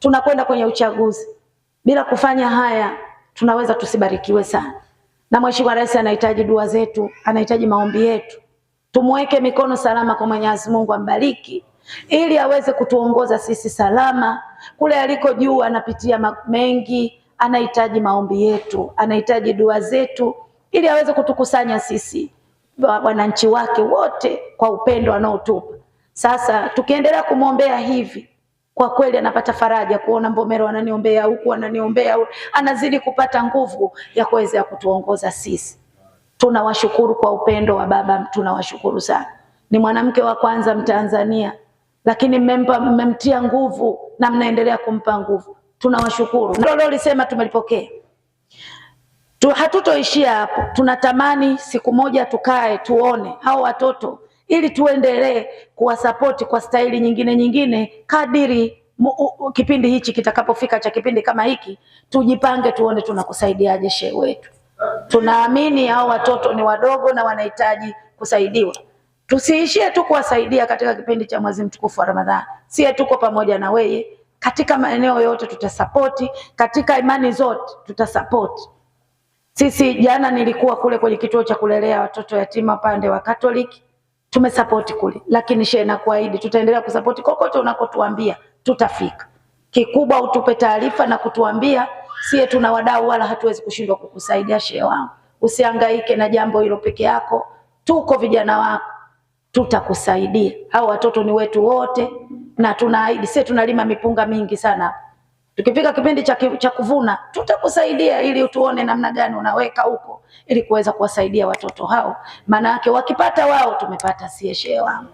tunakwenda kwenye uchaguzi. Bila kufanya haya, tunaweza tusibarikiwe sana, na Mheshimiwa Rais anahitaji dua zetu, anahitaji maombi yetu. Tumweke mikono salama kwa Mwenyezi Mungu, ambariki ili aweze kutuongoza sisi salama. Kule aliko juu anapitia mengi, anahitaji maombi yetu, anahitaji dua zetu, ili aweze kutukusanya sisi wananchi wake wote kwa upendo anaotupa. Sasa tukiendelea kumwombea hivi kwa kweli anapata faraja kuona Mbomero ananiombea huku, ananiombea anazidi kupata nguvu ya kuweza kutuongoza sisi. Tunawashukuru kwa upendo wa baba, tunawashukuru sana. Ni mwanamke wa kwanza Mtanzania, lakini mmempa, mmemtia nguvu na mnaendelea kumpa nguvu. Tunawashukuru. Ndio lisema tumelipokea tu, hatutoishia hapo. Tunatamani siku moja tukae tuone hao watoto ili tuendelee kuwasapoti kwa staili nyingine nyingine kadiri kipindi hichi kitakapofika cha kipindi kama hiki, tujipange tuone tunakusaidiaje shehe wetu. Tunaamini hao watoto ni wadogo na wanahitaji kusaidiwa. Tusiishie tu kuwasaidia katika kipindi cha mwezi mtukufu wa Ramadhani. Sie tuko pamoja na weye katika maeneo yote, tutasapoti katika imani zote, tutasapoti. Sisi jana nilikuwa kule kwenye kituo cha kulelea watoto yatima upande wa Katoliki tumesapoti kule, lakini shehe na kuahidi tutaendelea kusapoti kokote unakotuambia tutafika. Kikubwa utupe taarifa na kutuambia, siye tuna wadau wala hatuwezi kushindwa kukusaidia. Shehe wangu, usihangaike na jambo hilo peke yako, tuko vijana wako, tutakusaidia. Hao watoto ni wetu wote, na tunaahidi, sie tunalima mipunga mingi sana Tukifika kipindi cha, cha kuvuna tutakusaidia ili tuone namna gani unaweka huko ili kuweza kuwasaidia watoto hao, maana yake wakipata wao tumepata sie, shehe wangu.